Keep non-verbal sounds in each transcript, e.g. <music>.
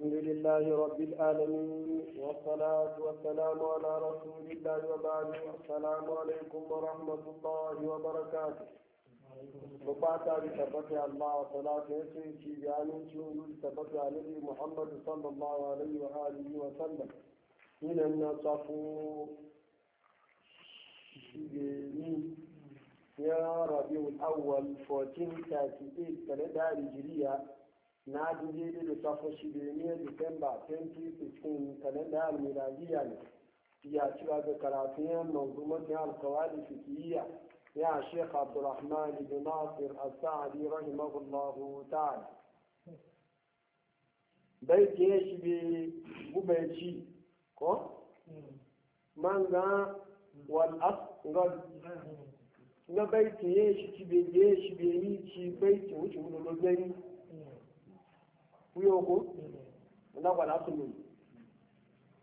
الحمد لله رب العالمين والصلاة والسلام على رسول الله وبعد السلام عليكم ورحمة الله وبركاته وبعد ثبت الله صلاة يسوي يعني شهود ثبت النبي محمد صلى الله عليه وآله وسلم من النصفو يا ربيع الأول 1438 سنة هجرية na duje da da safo shi da ne Disamba 2016 kalenda almiradiya ne ya cewa da karatun yan manzumatin alkawali fikiyya ya Sheikh Abdulrahman ibn Nasir As-Sa'di rahimahullahu ta'ala bai ke shi bi gubeci ko man ga wal asgal na bai ke shi bi ge shi bi ni ci bai ci wuce mun lo gani ويوكو نقول الأصل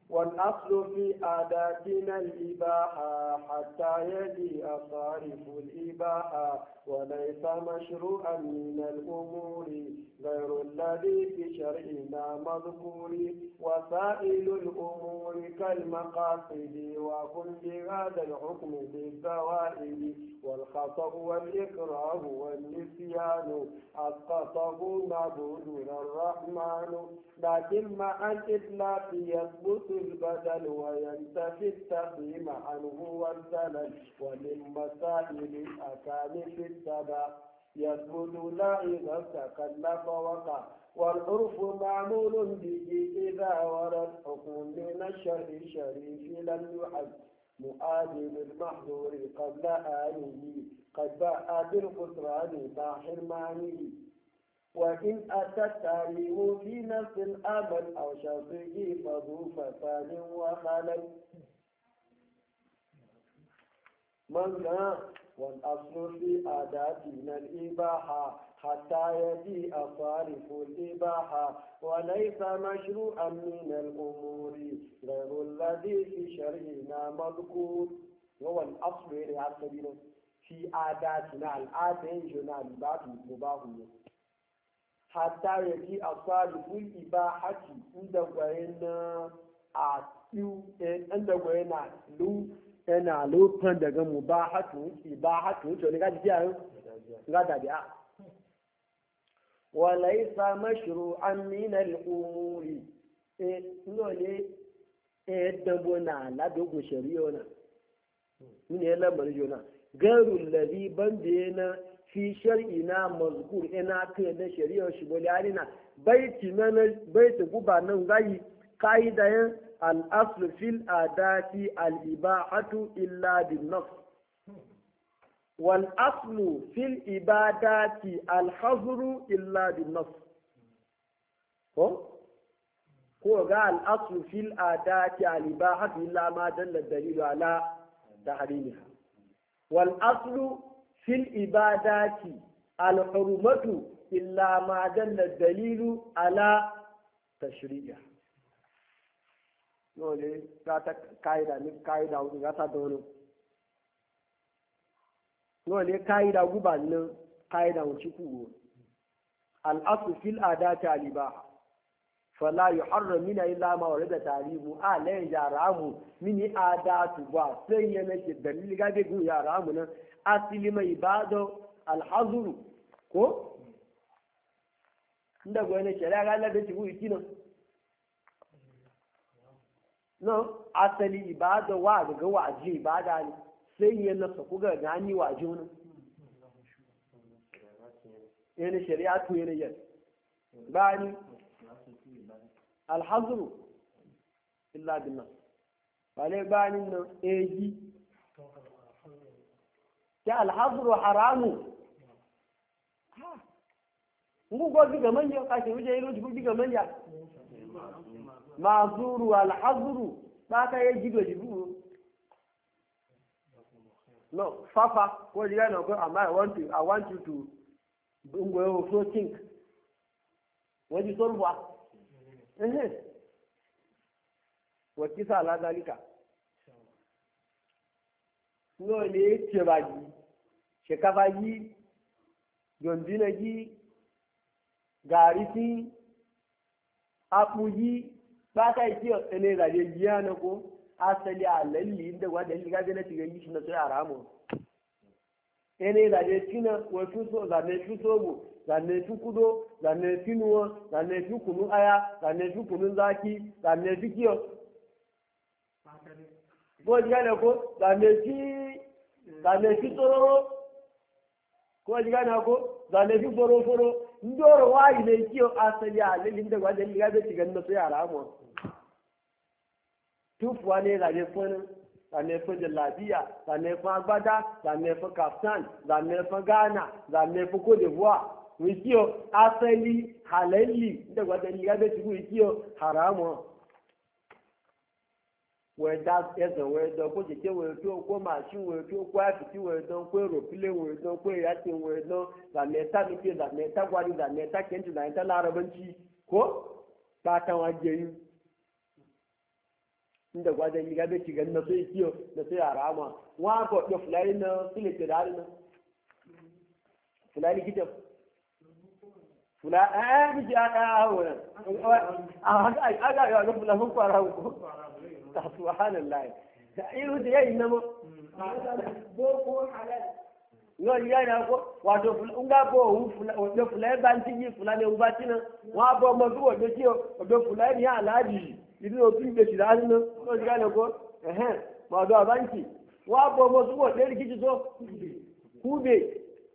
والأصل في عاداتنا الإباحة حتى يلي صارف الإباحة وليس مشروعا من الأمور الذي في شرعنا مذكور وسائل الأمور كالمقاصد وكل هذا الحكم بالزوائد والخطب والإكراه والنسيان أسقطه معبودنا الرحمن لكن مع الإطلاق يثبت البدل وينتفي التقييم عنه والزلل ومن مسائل الأكان في السبع يثبت لا إذا تكلف وقع والعرف معمول به إذا ورد حكم من الشر الشريف لم يحد مؤادم المحظور قبل آله قد باء بالخسران مع حرمانه وإن أتى التعليم في نفس الأمل أو شرطه فذو فساد وخلل من والأصل في من الإباحة حتى يجيء صارف الإباحة وليس مشروعا من الأمور غير الذي في شرعنا مذكور هو الأصل غير عقلنا في عاداتنا العادين جنال بعض مباهية حتى يجيء صارف الإباحة عند وين أعطيو عند وين أعطيو yana lokacin daga mu ba hatu wuce ba hatu wuce wani gaji kiyayen ga dabi'a walaisa mashiru an nina al'umuri e nole e dabo na ladogo shari'a na ban e fi shari'i e na na guba nan al'aslu fil adati al'ibahatu illa bin nafs wal aslu fil ibadati alhazuru illa bin nafs ko ko ga al'aslu fil adati al'ibahatu illa ma dalla dalilu ala tahrimiha wal aslu fil ibadati alhurmatu illa ma dalilu ala tashri'iha dole za ta ka'ida ni ka'ida wuce za ta dono dole ka'ida gubannin ka'ida wuce kugo al'asu fil adati alibaha fala yuharram min illa ma warada tarihu yara yaramu min adatu ba sai na ke dalili ga be gun yaramu nan asili mai ibado alhazuru ko inda goyene shari'a ga Allah da shi kinan no asali ibada wa daga waje ibada ne sai yi nasa kuga gani waje wani yana shari'a to yana yin bani alhazuru illa billah bale bani nan eji ta alhazuru haramu ngugo diga ka kashi wuje ilu ga manya. mazuru alhazuru baka ya jido jibu no fafa ko jiga na ko amma i want you i want you to ngo yo so think waji sorwa eh wa kisa la dalika no ne ce baji shekafa yi yondina yi garisi apu yi ba ta yi kiyo tsane zaje biya na ko asali a lalli inda gwada yi gaje na shiga yi shi na tsaye a ramu ene zaje tina wasu so zane su sobo zane su kudo zane su nuwa zane su kunun aya zane su kunun zaki zane su kiyo ko jiga na ko zane su zane su tsororo ko jiga na ko zane su foro foro ndoro wayi ne kiyo asali a lalli inda gwada yi gaje shiga na tsaye a ramu tufuwa ne zane fun zane fun jallabiya zane fun agbada zane kaftan zane ghana zane fun wikiyo asali halalli da wata liga da shigo wikiyo haramu wẹ̀dá ẹsẹ̀ wẹ̀dán kó kẹ̀kẹ́ wẹ̀dán kó màṣín wẹ̀dán kó àfìsí wẹ̀dán kó èròpilẹ̀ wẹ̀dán kó ìyáṣẹ́ wẹ̀dán làmẹ́ta nìkẹ́ làmẹ́ta gbadé làmẹ́ta kẹ́ntì làmẹ́ta lárabẹ́ntì kó inda gwada yi gabe ki gani na sai kiyo na sai a rama wa ko da fulani na sile ke da na fulani kita fulani eh biji a da hawa a haka a ga ga fulani fara ko subhanallah da iru da yayin nan boko halal yóò yá ìyá kó wàtò ńgá bọ̀ òun òjò fúlẹ̀ bá ń tíjì fúlẹ̀ ní ọgbà tí náà wọ́n á bọ̀ ọmọ bí wọ́n dé tí ọjọ́ fúlẹ̀ ní àlàájì yìí. ìdí òtú ìgbèsì láti ná ó ti gáyọ̀ kó ẹ̀hẹ́n mọ̀ọ́dọ̀ àbáǹkì wọ́n á bọ̀ ọmọ súnmọ̀ lérí kíjì tó kúbe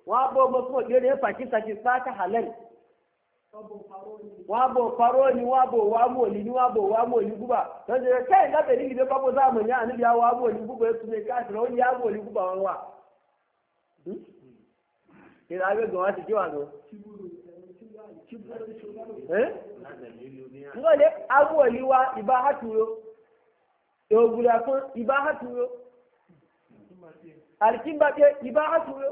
wọ́n á bọ̀ ọmọ súnmọ̀ lérí ẹ̀ pàkísàkí pátá halẹ̀ wọ́n á bọ̀ parọ́ ni wọ́n á bọ̀ wá mú òní ni wọ́n á bọ̀ wá mú òní gúbà lọ́sẹ̀ rẹ̀ káyìn lábẹ̀ ní ìdílé pápọ̀ sáà mọ̀ ní àníbi àwọn àmú òní gúbà ẹ̀ túnbẹ̀ káàkiri ó ní àmú òní gúbà wọn wà. ìlànà gbọ̀n wá ti jẹ́ wà lọ. ngole agwoliwa ibahaturo yogura e fún ibahaturo alkimbate ibahaturo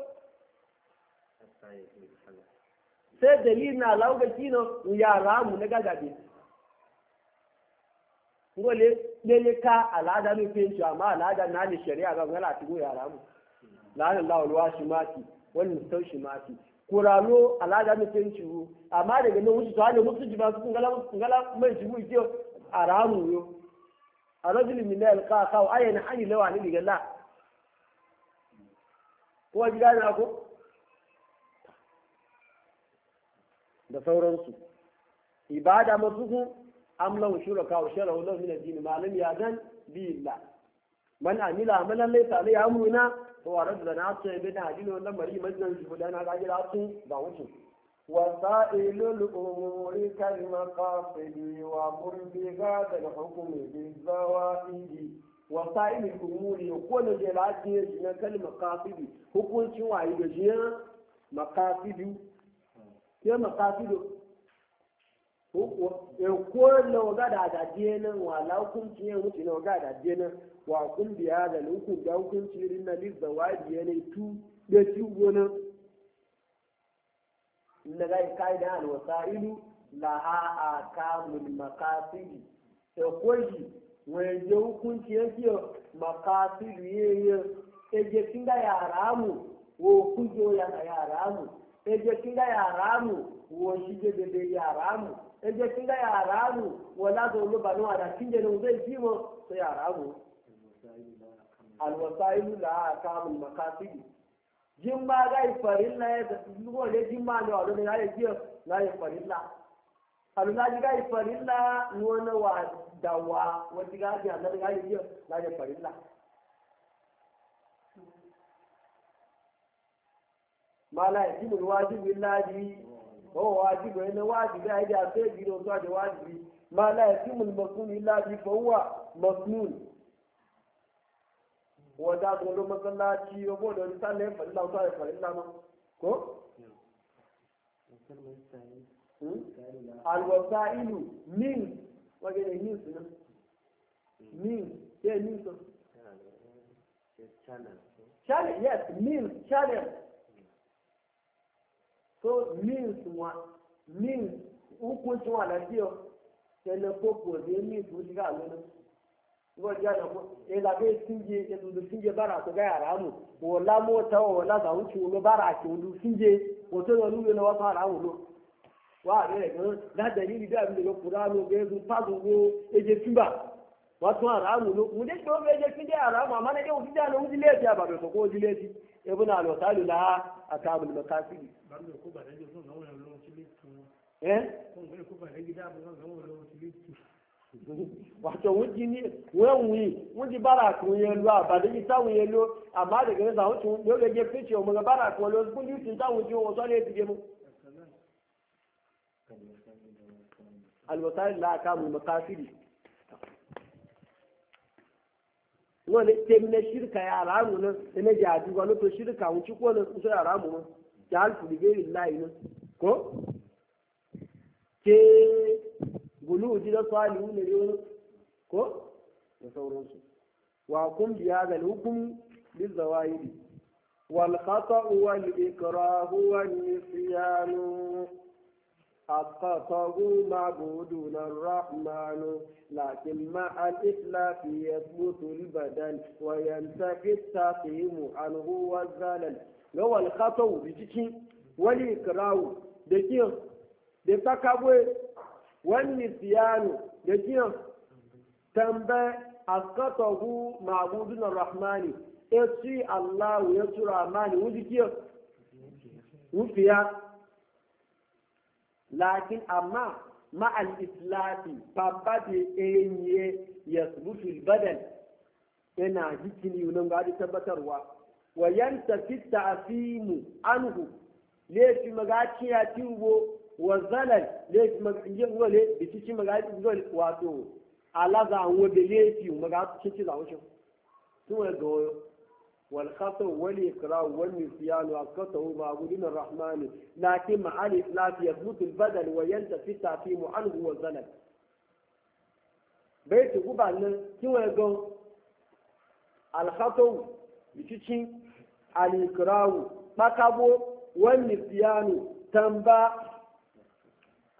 sai dalil na lauga kino yara mu na gagabe ngole lele ka alada mi pencho amma alada na ni shari'a kuralo alaga ne sai ciwo amma daga nan wuce tawale ji ba su ngala ngala mai ciwo ke aramu yo arajul min al qaqa wa ayan hani lawa ni diga la ko ga na ko da sauransu ibada mazuhu amlan shuraka wa sharahu lahu min ad-din ma lam yadan bi illah man amila amalan laysa alayhi amuna to a rabu da na ce bi na dilo na mari majalis guda na ga su ga wucin wa sa'ilul umuri kal maqasid wa qurbi ga da hukumi bi zawaidi wa sa'ilul umuri ko ne da lafiya shi na kal hukuncin waye ga jiya maqasid Eh, ko na waga da adaje nan wa la hukunci ne wuce na waga da adaje nan wa kun biya da lukun da hukunci rin na lizza wajiye ne tu da ci gona inda ga kai da a laha akamul maqasidi to e, koji wai je hukunci yi maqasidu yeye eje kinga ya haramu wo kujo ya haramu eje kinga ya haramu wo shige de ya haramu ẹjẹ kí n ká yàrá àrù wọn lágbo olóba náà àdá kí n jẹun ọdún èyí mọ sọ yàrá àrù. alwasa ilu la kamun makasidi jin ba ga farin la ya tafi zuwa ne jin ba ne wadda ya yi na ifarin la alu na ji ga farin la wani wa dawa wata ga ji annar ga yi na farin la ma la yajibu alwajibu illahi وهو واجب وإن واجب هذا أبتدي لو صار واجب ما لا يتم المسنون إلا به فهو مسنون وذا قولوا مثلا شيء يقول رسالة فإلا صار فإلا ما كو الوسائل من وغير نيوز من هي نيوز channel yes means channel so means wa means ukwu tí wọn àlàjì ọ tẹlẹ popo means wọn ti ká lónà wọn jẹ àná fún ẹlàbẹ síje ẹlòdò síje bára àtọgá yàrá mu wọn lámú ọtá wọn bára àti síje wọn tó lọ wọn ara wọn lọ wọn àrẹ rẹ gan yìí bí àbí lọ kúrò àwọn ọgbẹ ẹdùn pàdùn ẹjẹ fúnbà wọn tún lọ wọn dé tí wọn ibn al-wasalu la atabul makasibi eh wato wuji <laughs> ni wen wi wuji bara ko yen lo abade yi ta wi lo ama de gbe za wuji lo wọn lè shirka ní ṣírìkà yà aráàmù náà ẹnẹ́ jẹ́ àdúgbò ló tó ṣírìkà àwọn tí kò náà ń sọ aráàmù náà jẹ́ àlùfùdì bẹ́ẹ̀rẹ̀ láì náà kó. ṣé bùnú òjì lọ́sọ̀ àlùwù lè ko da sauransu wa kun biya ga hukum bil zawahiri wal khata'u wal ikrahu wan nisyanu أسقطه معبودنا الرحمن لكن مع الإتلاف يثبت البدن وينتفي التقييم عنه والزلل لو الخطأ بجكين والإكراه دكين دكاكبوي والنسيان دكين تنبى أسقطه معبودنا الرحمن يسري الله يسرى مالي وجكين وفيا lakin amma ma al-islafi babba da enye ya tsubutu badal yana jikini yunan ga da tabbatarwa wa yanta fitta fimu, anhu lefi magaci ya tiwo wa zalal lefi magaci wale da cikin magaci wale wato alaza an wabe lefi magaci a wuce. tun wani ga والخطأ والإقراء والنسيان والخطا معبود من الرحمن لكن مع الإتلاف يثبت البدل وينتفي التعفيم عنه والزلل بيت قبعنا كيما يقول الخطأ يتشين الإقراء مكابو والنسيان تنبا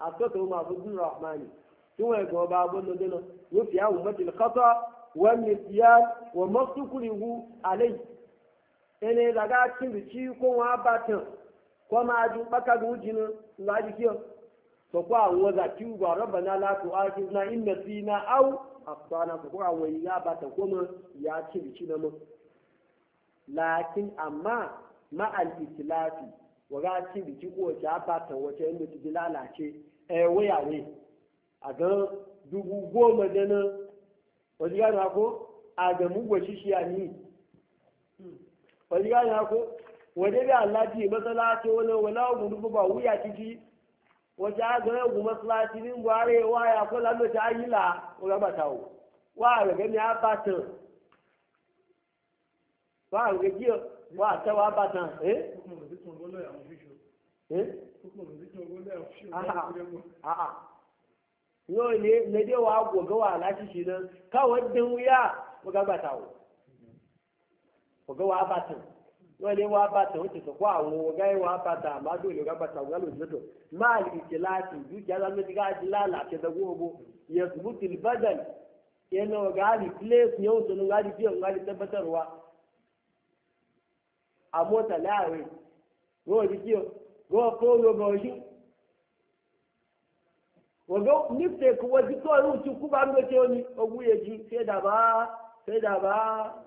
الخطا معبود من الرحمن كيما يقول بابنا دينا وفي أمة الخطأ والنسيان ومصر كله عليه ene daga cin ci ko wa batan ko ma ju baka gujin ga ji kiyo to ko awo za ti wa rabbana la na in nasina aw akhtana ko awo ya batan ko ma ya cin ci na mu lakin amma ma al-islafi wa ga cin bici ko ja batan wace inda ti lalace e a dubu goma da wajen ko a wani gane ko wani bai Allah ji masalaci wani wani abu rufu ba wuya ciki wata aga yau kuma masalaci nin gware wa ya ko lamu ta ayila o ga matawo wa ga gani a batan wa ga ji wa ta wa batan eh eh a'a yau ne na dai wa gogawa lashi shi nan o ọ̀gá wa bàtà wọ́n lé wa bàtà ó ti sọ̀kọ́ àwọn ọ̀gá yẹn wa bàtà àmàdó ìlú ọ̀gá bàtà ọ̀gá lòdì lọ́dọ̀ máa lè ṣe láti ìlú ìjà lọ́dún káàdì lálà àtẹ̀sẹ̀wó owó yẹ̀sùmù tìlú bàdàn yẹn ọ̀gá àlì pílẹ̀sì yẹn òṣèlú ọ̀gá àlì bíọ̀ ọ̀gá àlì tẹ́bẹ́tẹ̀rù wa. àmọ́tà láàrin wọ́n ti kí ọ wọ́n kó lọ́gọ̀ ọ̀ṣun. ọ̀gá nífẹ̀ẹ́ kọ́wọ́ ti kọ́ ọ̀rùn ti kú bá ń gbé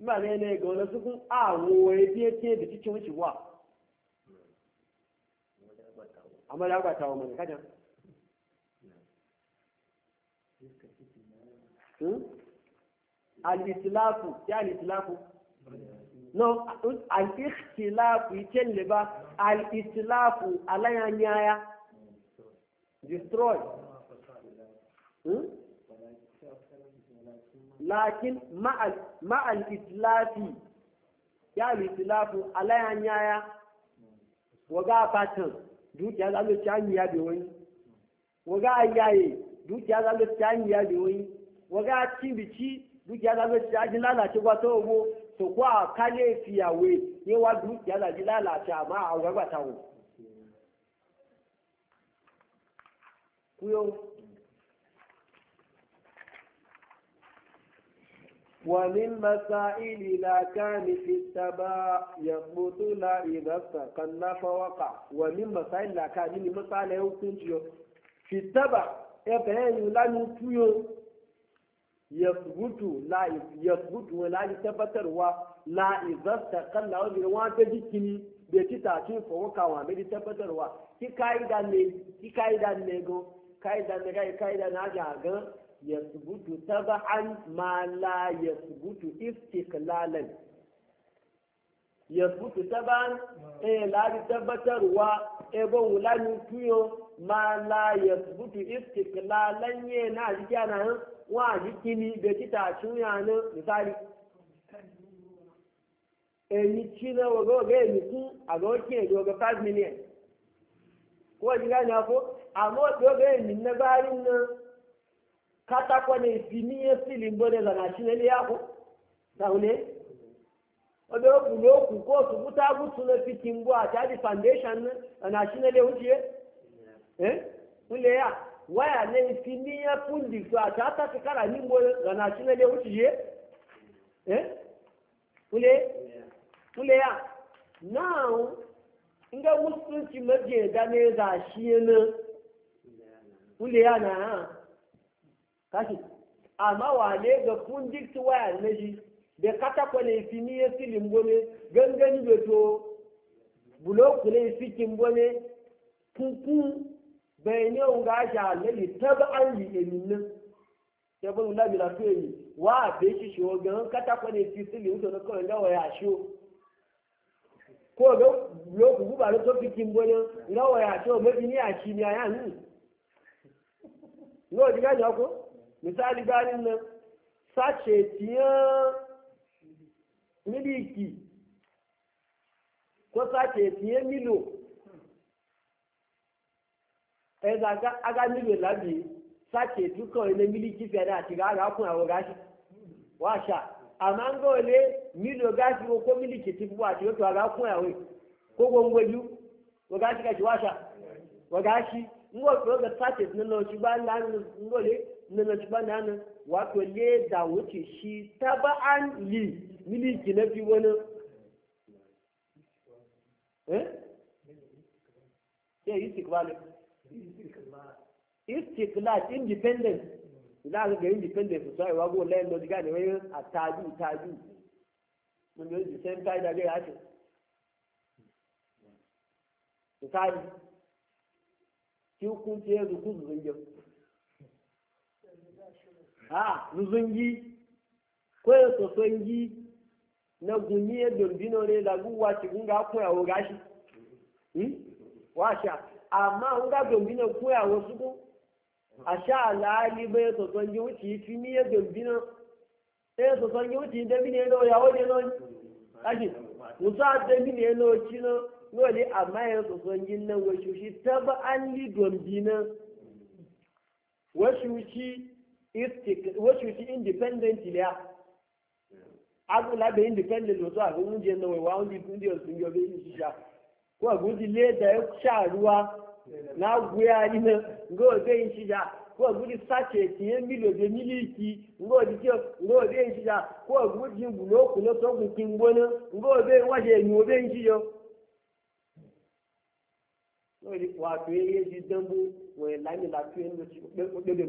ma ne ne ga wani sukun a ya biye ke da cikin wuce wa amma da agbata wa mai kajan hmm? al-islafu ya al-islafu no al-islafu yakin le ba al-islafu alayanya ya destroy hmm? lakin ma'al itlafi ya litlafu alayan yaya waga fatan dukiya za ta hanyar da wani waga ayyaye dukiya za ta hanyar da wani waga cibici dukiya za ta hanyar lalace gwata ogo to kwa kale fiyawe yawa dukiya za ta lalace amma a wurare gwata wo kuyo ومن مسائل لا كان في السباء يثبت لا إذا استقل فوقع ومن مسائل لا كان من مسائل يوكنتيو في السباء يبين لا نتيو يثبت لا يثبت ولا يتبتر لا إذا استقل ومن وانتجكني bai ci tashin fawakawa mai tabbatarwa كي ka'ida ne ki ka'ida ne go ka'ida ne ga ka'ida na yasbutu tab'an ma la yasbutu istiqlalan yasbutu tab'an eh la tabbatarwa e bo wulani tuyo ma la yasbutu istiqlalan ye na jika na wa jikini be kita chuya na misali eni china wa go ga ni ku a ago ke go ga 5 million ko jiga na ko amma go ga ni na garin na katakwa na isimie sili mbone za nashineli yako saune obe oku na oku na ati foundation na na eh ule ya waya na so ati tikara ni mbone za nashineli eh ule ule ya now nga musulunci maje da za ule ya na ha kashi amma wane ga kun dikti waya na shi da katakwa ne fi ni ya silin gome gangani da to buloku ne fi kin gome kuku bai ne un gashi alali, lalli ta ba an yi eminin ya bin labi na fiye yi wa a bai shi shi ogan katakwa ne fi silin wuto na kawai gawa ya shi ko ga buloku guba na to fi kin gome gawa ya shi o mafi ni a shi ni a yanin. Ngo diga ko? misali garin nan sace tiyan miliki ko sace tiyan milo ẹ̀zà aga milo lábí sace dukkan ilé miliki fẹ̀rẹ̀ àti rárá fún àwọn gáṣì wáṣà àmà ń gọ́ milo gáṣì ko miliki ti fún àti yóò tó ara fún àwọn kó gbogbo ojú wọ́n gáṣì kẹ̀ṣì wáṣà wọ́n gáṣì ń gọ́ ìpínlẹ̀ nana tuba nana wato leda wuce shi taba'an li miliki na fi wani eh sai eh, istiklal istiklal independence Independent. aka ga independence sai wago lai lo diga ne wai a tabi mun yi the same time da ga yace misali ki hukunci yanzu kuzu zungin a nuzungi ko ya sosongi na gunye dombino ne da guwa ci gunga koyawo gashi hmm? washa amma n ga dombino koyawo su ko a sha alali bai sosongi wuce fi ni ya dombino ya sosongi wuce dabi ne ya yawo ne nan kashi musa dabi ne na wuce nan wani amma ya sosongi nan wasu shi taba an li yi dombino wasu shi wọ́n ti independent lẹ́à agbólábẹ̀ independent lọ́tọ́ àgbó oúnjẹ náà wẹ̀wà oúnjẹ oúnjẹ ọ̀sìn yọ bẹ́ẹ̀ ní ṣíṣà kó àgbó ti lé ẹ̀dá ẹ̀ ṣàrúwa náà gbé ayé náà ngọ́ ọ̀dẹ́ yìí ṣíṣà kó àgbó ti sáṣẹ̀ tìyẹ́ mílò dé mílíìkì ngọ́ ọ̀dẹ́ tí ngọ́ ọ̀dẹ́ yìí ṣíṣà kó àgbó ti wùlò òkú lọ sọ́kùn kí n gbóná ngọ́ ọ̀dẹ́ wáṣẹ̀ ẹ̀yìn ọ̀dẹ́ yìí ṣíṣọ. wàá tó yẹ yé ti dánwó wọ̀nyẹ̀ láyé làtúyẹ̀ ńlọ sí pé ó gbẹ́dọ̀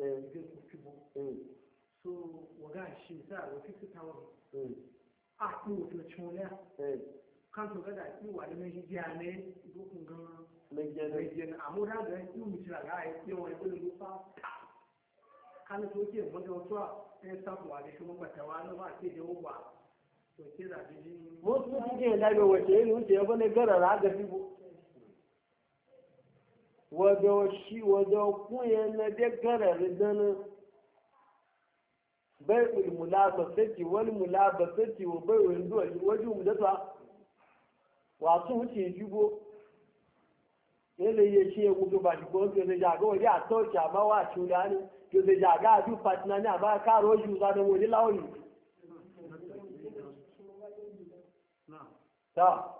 Eh, irrecoverable. Eh. So waga shi za a wafi su tawon. A kun wato cimola. Kan to gada ki wani mai hijiya ne dukkan gan lejiyar amura ga yi mutira ga yi yawan gudun rufa. Kan to ke maga wato ɗaya sabuwa da shi mabatawa na ba ke da wuwa. To ke zaɓi jini. Wasu suke labe wace irin wuce ya bane garara ga fibo. wajen shi wajen kuya na dekara ridana bai ulmulaba saki wani mulaba saki wa bai wani wajen mudata wasu wuce jubo yadda ya ce ya gudu ba ko ke zai jaga waje a sauki a mawa a cuda ne ke zai jaga a duk fatina ne a ba karo shi za da wani launi ta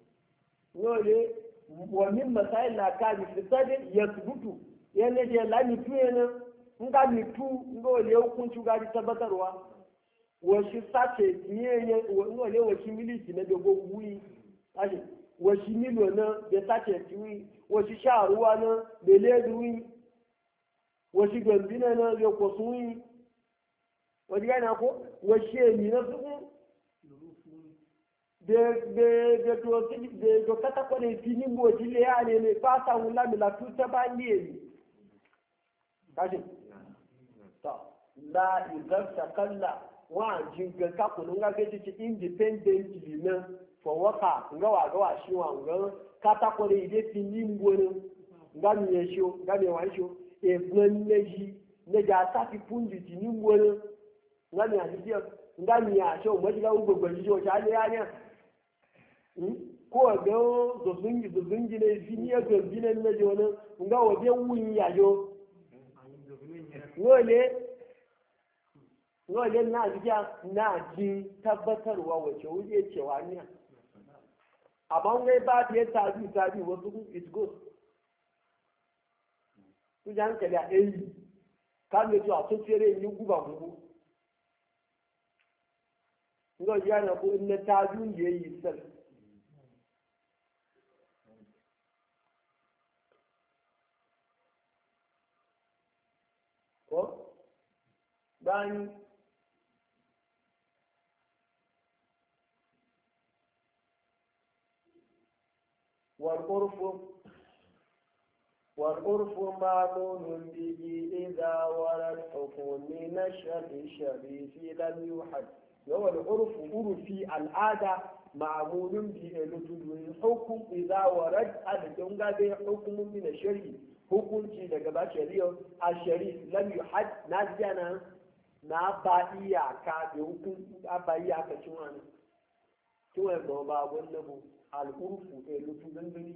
wole wa min masail na ka mi fitade ya tubutu yana je la mi tu yana nga ka tu ngo le hukunci ga ji tabbatarwa wa shi sace yeye ngo le wa shi na dogo buyi aje wa shi milo na be sace tiwi wa shi sharuwa na be leduwi wa shi gambina na be kosuwi wa diga na ko wa shi na su gbẹ̀gbẹ̀gbẹ̀ kátàkọ́ lè fi nígbò ìdílé ààrẹ lè bá sáwọn lámìlà tó tẹ́bá ní èyí káṣí tọ́ la ìgbẹ́sàkọ́là wọ́n à jíǹgẹ̀ kákùnrin gágé títí independently náà fọwọ́kà ngọ́wàgọ́wà ṣíwà ngọ́n kátàkọ́ lè ìdé fi nígbò ní ngámiyàn ṣó ngámiyàn ṣó ègbọ́n méjì méjì àtàkì púndìtì nígbò ní ngámiyàn ṣíṣe ngámiyàn àṣọ òmọ́jìlá gbogbo ìṣiṣẹ́ òṣà Hmm? ko ga zozungi zozungi ne shi ne zozungi ne na ji wani nga waje wuyi ya jo wale wale na jiya na ji tabbatarwa wace wuje cewa ne amma ngai ba ta yi ta tabi tabi wasu it goes su ji hankali a ɗaya ka ne zuwa sun fere yi guba gugu nga jiya na ko in ta tabi ne yi sarki báyìí والعرف والعرف معلوم به إذا ورى الحكم من الشرع الشريف لم يحد هو العرف عرفي العادة معمول به الحكم إذا ورد الجنة حكم من الشرع حكم في شريع الشريف لم يحد ناس جانا na ba iyaka da hukun a ba iyaka cin wani cin wani ba ba wani bu al'urfu da eh, lutu gangani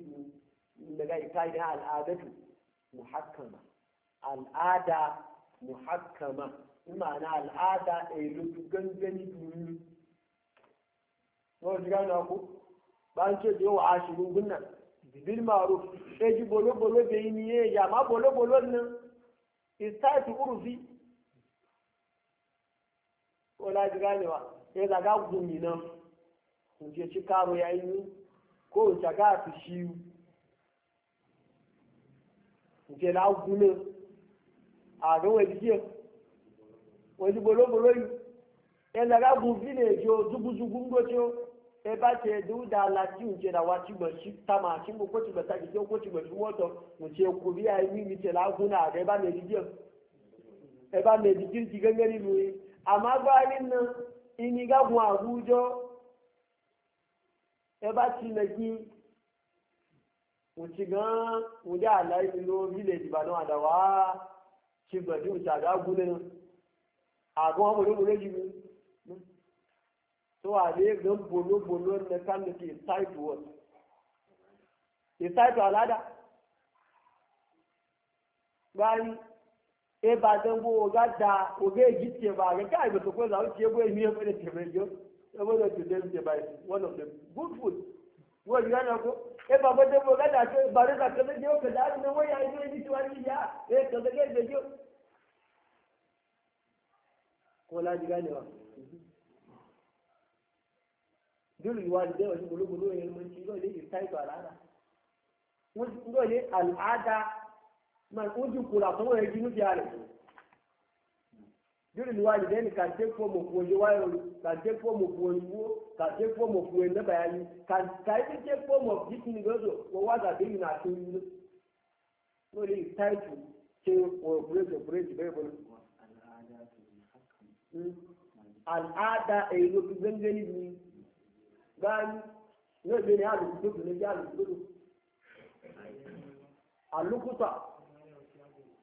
ne daga ita ne al'adatu muhakkama al'ada muhakkama imana al'ada a eh, lutu gangani duni wani jiga na ku ba ce da yau a shirin gunnan bil maruf sai ji bolo bolo bai ni ya ma bolo bolo nan istati urfi ko laji ganewa ya zaga gumi nan in ce ci karo ya yi ko in ce ga su shi in ce na gumin a ga wani jiya wani bolo-bolo yi ya zaga gumi ne jo zugu-zugu ngoce e ba ce da lati in ce da waci ta ma. tama shi ko kwaci ba ta ke ko kwaci ba shi wato mu ce ku bi ya yi mi ce la guna ga ba mai jiya e ba mai jikin ki e gangare mu yi àmá bá nínú inigágun àwùjọ ẹbá ti lẹ́gbí òtí gan òjá àláìsí ló rílẹ̀ ìbàdàn àdàwà ti gbẹ̀dí òtí àdágún lẹ́nu àgbọn ọmọ olóòrùn lẹ́jì mi tó àlẹ́ gan bolóboló mẹkáníkì táìpù wọ̀ ìtáìpù aládà báyìí e ba zan go ga da o ga ji ce ba ga kai ba to ko za u ce go mi ya fara ce mai yo saboda e to dem ce bai one of them good food wo ya na ko e ba ba da go ga da ce ba da ka da je ka da ne wai ai ne ji wani ya e ka da ga da ko la ji gane ba dole yiwa da dai wani gulo gulo ya mun ci dole sai ba al'ada mun dole al'ada man uji kula kuma ya ginu jare duri luwali deni ka te fo mo ko je wayo ka te fo mo ko wo ka te fo mo ko ne bayani ka ka te te fo mo bitini gozo wo waza be na to ni no le title ke o brezo brezo be bo al'ada e yo bi gangani ni gani no be ni alu to ni alu to alukuta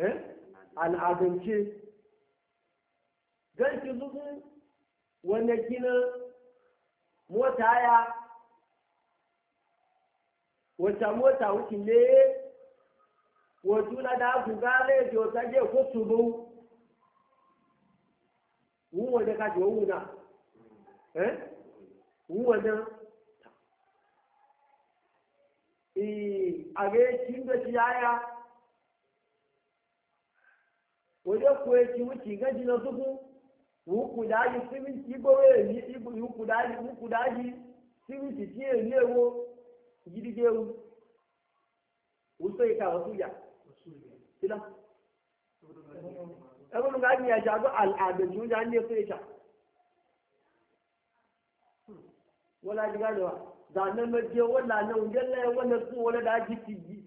Eh? al'adance gan ki zuku wanda kina mota ya wata mota wuki ne wato na da ku gane jo ta je ko tubu wu wanda ka jo na eh wu wanda i age kin da ya wajen koya ci wuce gaji na zuku wuku daji siminti gowe ni ibu wuku daji wuku daji siminti tiye ne wo gidige wu wuso ita wasu ya kila ẹgbẹ́ ga ni ẹja gbọ́ àgbẹ̀ tí ó ń jà ní ẹsẹ̀ ìta wọ́n lájú gbàdúrà dànù mẹ́jẹ wọ́n lànà òun jẹ́lẹ̀ wọ́n lè fún wọn lẹ́dàá jí ti yìí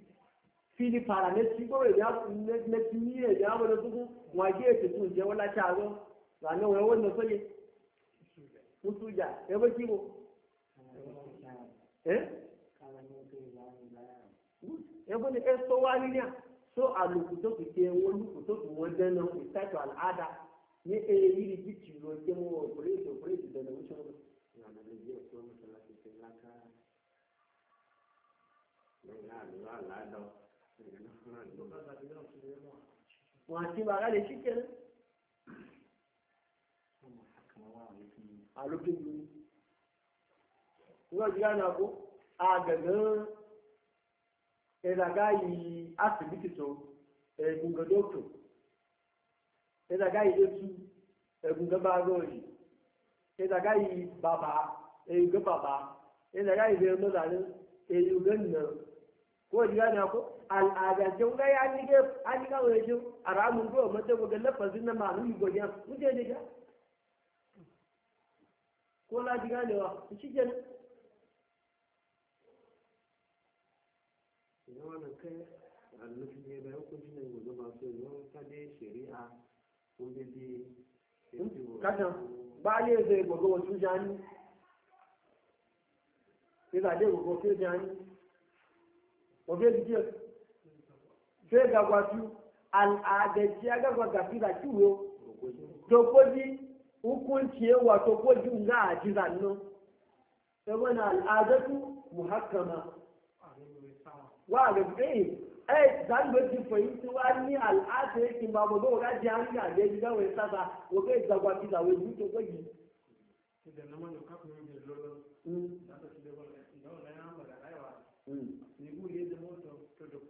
fili paraneti koro ya neti niye ya wani tuku waje ta tun je wala ta zo ba ne wani wani soje mutu ja ya ba kibo eh ya bane eh so wani ne so a lukuto ku ke wani lukuto ku wajen nan ku ta to al'ada e ne eh yiri gici ro ke mu operate operate da nan shi na na ne ya so mutala ke laka ne na ne la la do Mwansi bagale chike ne? Alo kin duni. Ngo jiga na ko a gaga e daga yi asibiti to e gunga dokto. E daga yi etu e gunga bagoli. E daga yi baba e gunga baba. E daga yi zai mazalin e yi gunga ko jiga na al'adancin hmm? ga ya nike an kawo ya shi a ramin goma mata gobe lafazin na malumi goyon muke ne ga ko na ji ganewa shi ke nan ina wannan kai annabi ne da hukunci ne gobe masu yawan sade shari'a kun bi bi kasan ba ne zai gobe wasu jani sai zaɗe gobe wasu jani gobe jiyar sai ga gwatu al'adance ya gaba gafi da kiwo tokoji hukunci wa tokoji nga a ji zanno sai wani al'adatu muhakkama wa ga tsaye eh, ai eh, zan da ji fahimci wa ni al'ada yake ba ba ga ji an ga da ji gawai sasa ko kai zagwa ki da wai duke gwaji da na manu hmm. kafin yin da lolo da ta ci da wani da wani ya hamba da rayuwa ne gure da mota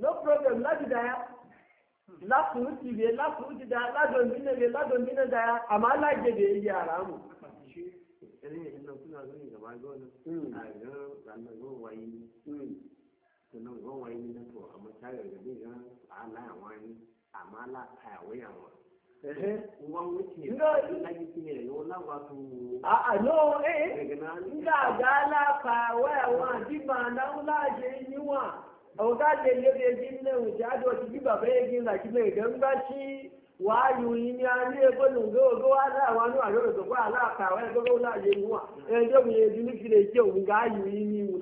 no problem láti dáyà lákùn ti rè lákùn ti dáyà ládùn nínú rè ládùn nínú dáyà àmọ́ alájèdè ara mu. ẹni yẹn lọ fún àwọn ìjọba ga waya wa, di ma na wula je yi wa, àwọn káàdé lébi ẹjí ní ìwòsí àti ọtí bí bàbá yẹn gbin làjú lè dẹ́ ńgbà tí wàá yù yín ní alẹ́ ẹgbẹ́ nùgbẹ́ ògbó wa láàkà ẹgbẹ́ wa ẹjọ́ mi yẹn dúró sílẹ̀ tí òun gá yù yín ní ìwò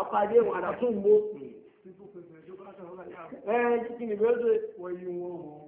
akájọ wọn ẹ ẹ kí ni bẹ́ẹ̀ wọ́n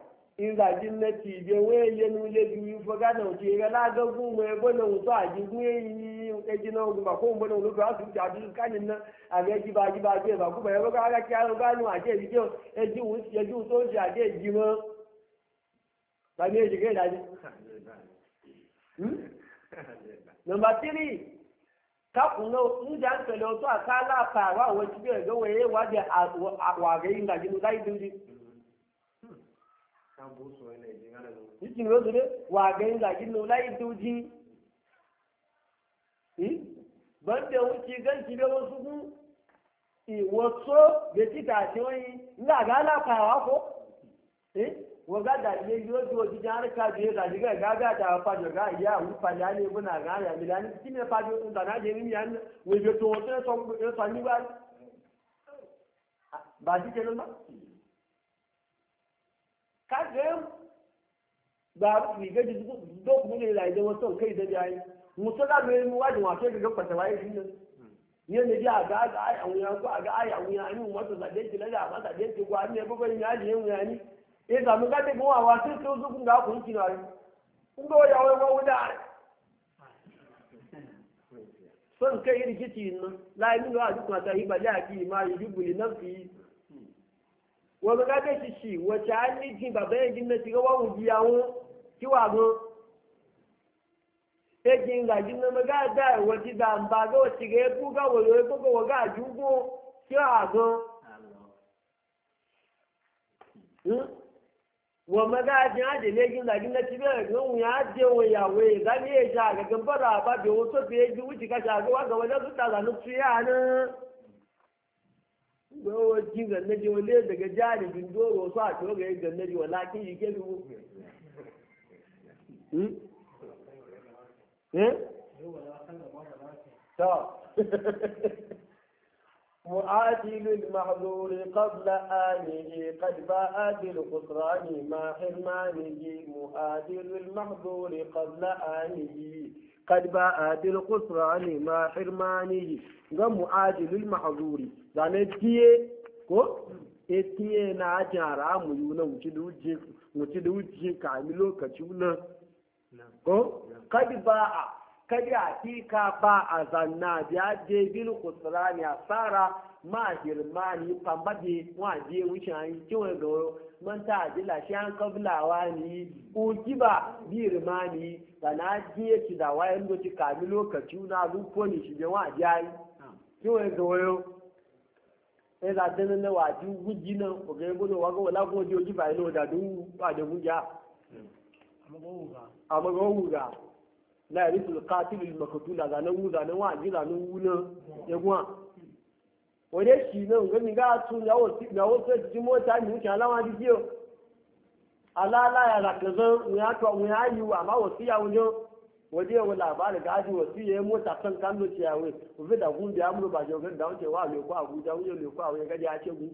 ìrìnàjò nẹ́tì e owó èyẹ ní ilé ju ifọ̀ gánà òjì rẹ̀ lágọ́gùn mọ̀ ẹgbẹ́ náà tó àjẹgún èyí ẹjì náà ogun bàkó òun bọ́nà olóògbé wá sùn àdúrà káyìn náà àgbẹ̀ a bá àjẹbá àjẹ ìbàkú a lọ́kọ́ ara kí arọ na àjẹ a ẹjì òun tó ń nọmba ndajị ịdị ndị. ìtì ló dúró wà gẹ́yìn làjí nù láì dújí bọ́ńdẹ̀ na ti gẹ́ǹtì lọ́wọ́ sukú ìwọ́sọ́ bẹ́títà àti oyin ńlá gánà kàwá kó wọ́gá dàdíyé yóò tó ojú jẹ́ àríkà bí i dàdí gẹ́gẹ́ gágá àtàwà gá ìyá àwọn pàjá ní ebú náà gá àyàmì láni tí ní pàjọ tó tàná jẹ nínú yàn wèjọ tó wọ́n tó ń sọ nígbà bàtí jẹ kaga ba ga ji do ku ne la idan wasu kai da yayi musu da me mu wajin wato ga kwata waye shi ne ni ne ya a ga ai an ya ko ga ai an ya ni mu da dai kila da ba da dai ne ya ji ya ni e da mu ga da wa sai to zu ga ku ki na ya wa da son kai a ki ma wọ́n bẹ káfẹ́ ṣìṣì wọ́n ṣe á ní jìn bàbá yẹn jí mẹ́tì wọ́n wù jí àwọn tí wà gan. Ejì ń gàdí ní ọmọ gáàdá ìwọ ti dà ń bá gọ́ ti rẹ̀ kú gáwọ̀ lórí kókó wọ́n gáàjú gbó tí wà gan. Hm? Wọ́n mọ gáàdí á dèlé ejì ń gàdí ní ti bẹ́ẹ̀ ló ń yàn á dé wọn ìyàwó gawa kin ganna ji wale daga janibin doro sa to ga yin ganna ji wala kin yi kebi mu eh ta معاجل المحظور قبل آله قد باء بالخسران ما حرمانه معاجل المحظور قبل آله قد باء بالخسران ما حرمانه غم معاجل المحظور zane tiye ko e tiye na ajin haramu yi na wuce da wuce k'a kami lokaci na ko kadi ba a kadi a tika ba a zanna biya je bil kusura ne a tsara ma girma ni pambabe wa je wuce an kiwon gawo man ta ajila shi an kablawa ni uki ba girma ni sana je ci da wayan doki kami lokaci na lufo ni shi je wa jayi kiwon gawo ẹ̀rà dẹ́nu lẹ́wà àti wújí náà ọ̀gẹ́ gbọ́dọ̀ wá gbọ́dọ̀ lágún ojú ojú báyìí lọ dàdú àdẹ̀gúnjá àmọ́gọ́ wùrà láìrí tòlùká tí lè mọ̀kòtù làgà náà wúrà náà wà ní ìlànà wú náà ẹ̀gbọ́n à. òde sì náà nǹkan nígbà tún ìyàwó sí ìyàwó tó ti mọ́ ta ìlú kí aláwọn adíjí o aláàláyà làkẹ̀sán òun á yíwò àmáwò síyàwó náà waje yau labari ga aji wasu ya yi mota kan kallo ciyawe ku fi da gun biya mu o jogar da wuce wa leko abuja wuye leko a wuye gaji a ce o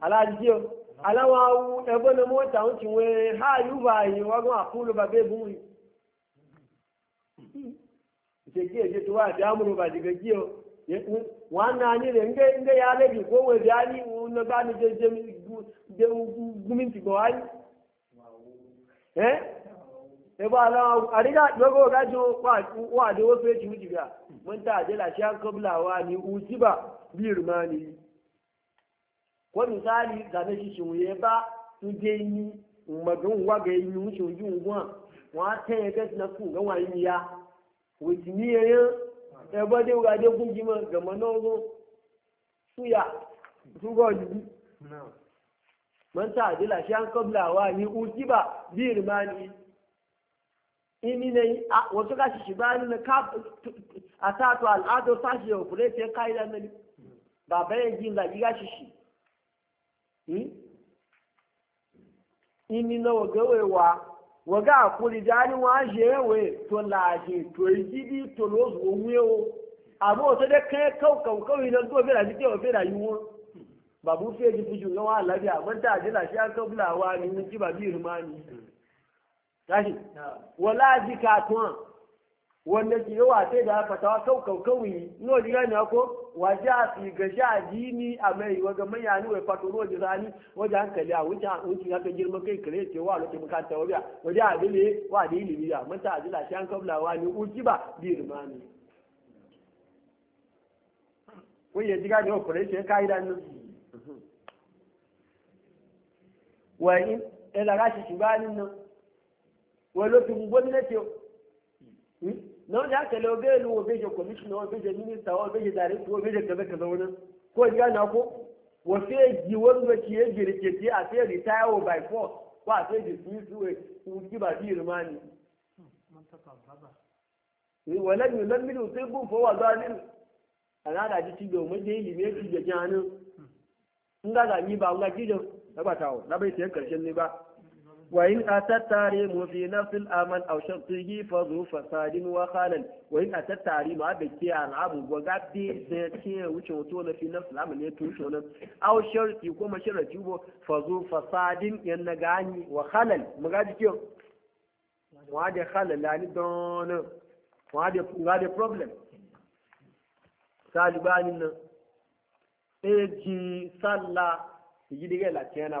alaji jiyo alawa wu ebo na mota wuce we ha yu ba yi wa gun akulu ba bai bumi ce kiyo ce tuwa biya mu ba diga kiyo wannan ani ne nge nge ya lebi ko we biya ni na ba ni je je guminti go ai eh ebo alawa ariga dogo gajo wa da wasu ya ci wuji mun ta ajala shi an kablawa ni uji ba bi ko misali ga na shi shi wuye ba su ni magan wa ga yi mu shi wuji ngwa wa ta ya ga na ku ga wa yi ya wuji ni ya ya de ga de gunji ma ga manogo su su ga ji man ta ajala shi an kablawa ni uji ba bi Ini ne wasu gashi shi bayan na ka a sa to al'adar sashi ya kure sai kai da nani ba bayan jin zagi gashi shi hmm? imi na waga wa? waga akuri jani wa we? to laje to igidi to lozu onwewo àmọ́ òtọ́jẹ́ kẹ́kọ̀ọ́kọ̀ọ́kọ́ iná tó fẹ́ra sí tí ò fẹ́ra yìí wọ́n bàbú fẹ́ẹ́ ti fi jù lọ́wọ́ àlàáfíà mọ́tà àdínlàṣẹ́ àkọ́bùlà wa biya, ni mo jí bàbí ìrùmá ni. kashi wala jikatuwa wanda ke yi sai da kau kau kawai no jira ne ko waje a fi ga sha jini a mai waga manya ni wai fato jira ni waje hankali a wuce wuce ya kan girma kai kare ce wa lokacin makanta wabiya waje a dole wa da ilimi ya mata a shi an kabla wa ni uki ba bi rumani kun ya diga ne wa kure da ni. wa in ila gashi shi ba nan wani lokacin gwamnati na wanda aka lau bai lu wabe je commissioner wabe je minister wabe je director wabe je kaza kaza wani ko ya na ko wasu ya ji wanda ke ya a sai retire by force ko a sai dismiss we kuki ba bi rimani walan yi lambi da sai bun fowa zalin a na da ji cibiyar mai da ilimi ya ci da janin in ga zami ba ga gidan na ba na bai sayan karshen ne ba وإن أتى تاريم في نفس الأمن أو شرطه فضو فساد وخالا وإن أتى التعريم أبكي عن عبو وقعد ذاتي وشوتون في نفس الأمن يتوشون أو شرطي كما شرطي فضو فساد ينقعني وخالا مقعد كيو وهذا خالا لاني دون وهذا problem salibanin nan eji sallah yi diga lafiya na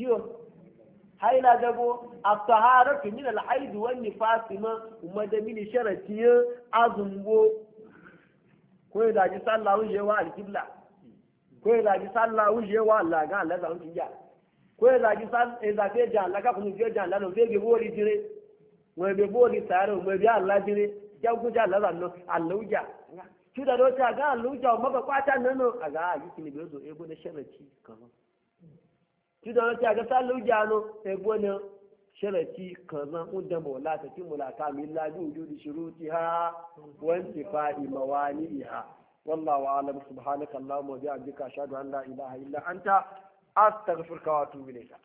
kiyo haila dabo a tahara fi min alhaid wa nifas ma umma da min sharati azumbo ko da ji sallah uje wa alqibla ko da ji sallah uje wa Allah ga Allah zan tiya ko da ji sal e da fe jan laka kun je jan lalo fe ge bori dire mo be bori tare mo be Allah dire ja ku ja Allah no Allah uja tu da do ta ga Allah uja mo ba kwata nano aga yi kini be zo e go da sharati kaman tí dáná tí àgbẹ̀sá ló jánu ẹgbọ́n ni ṣẹlẹ̀ tí kànáà ń dẹ̀bọ̀ láti tí mo làkà mí lájú ojú ìṣòro ti ha wọ́n ti fa ìmọ̀ wa ní ìhà wallahu a'lam subhanaka Subhanahu wa bihamdika ashhadu an la illa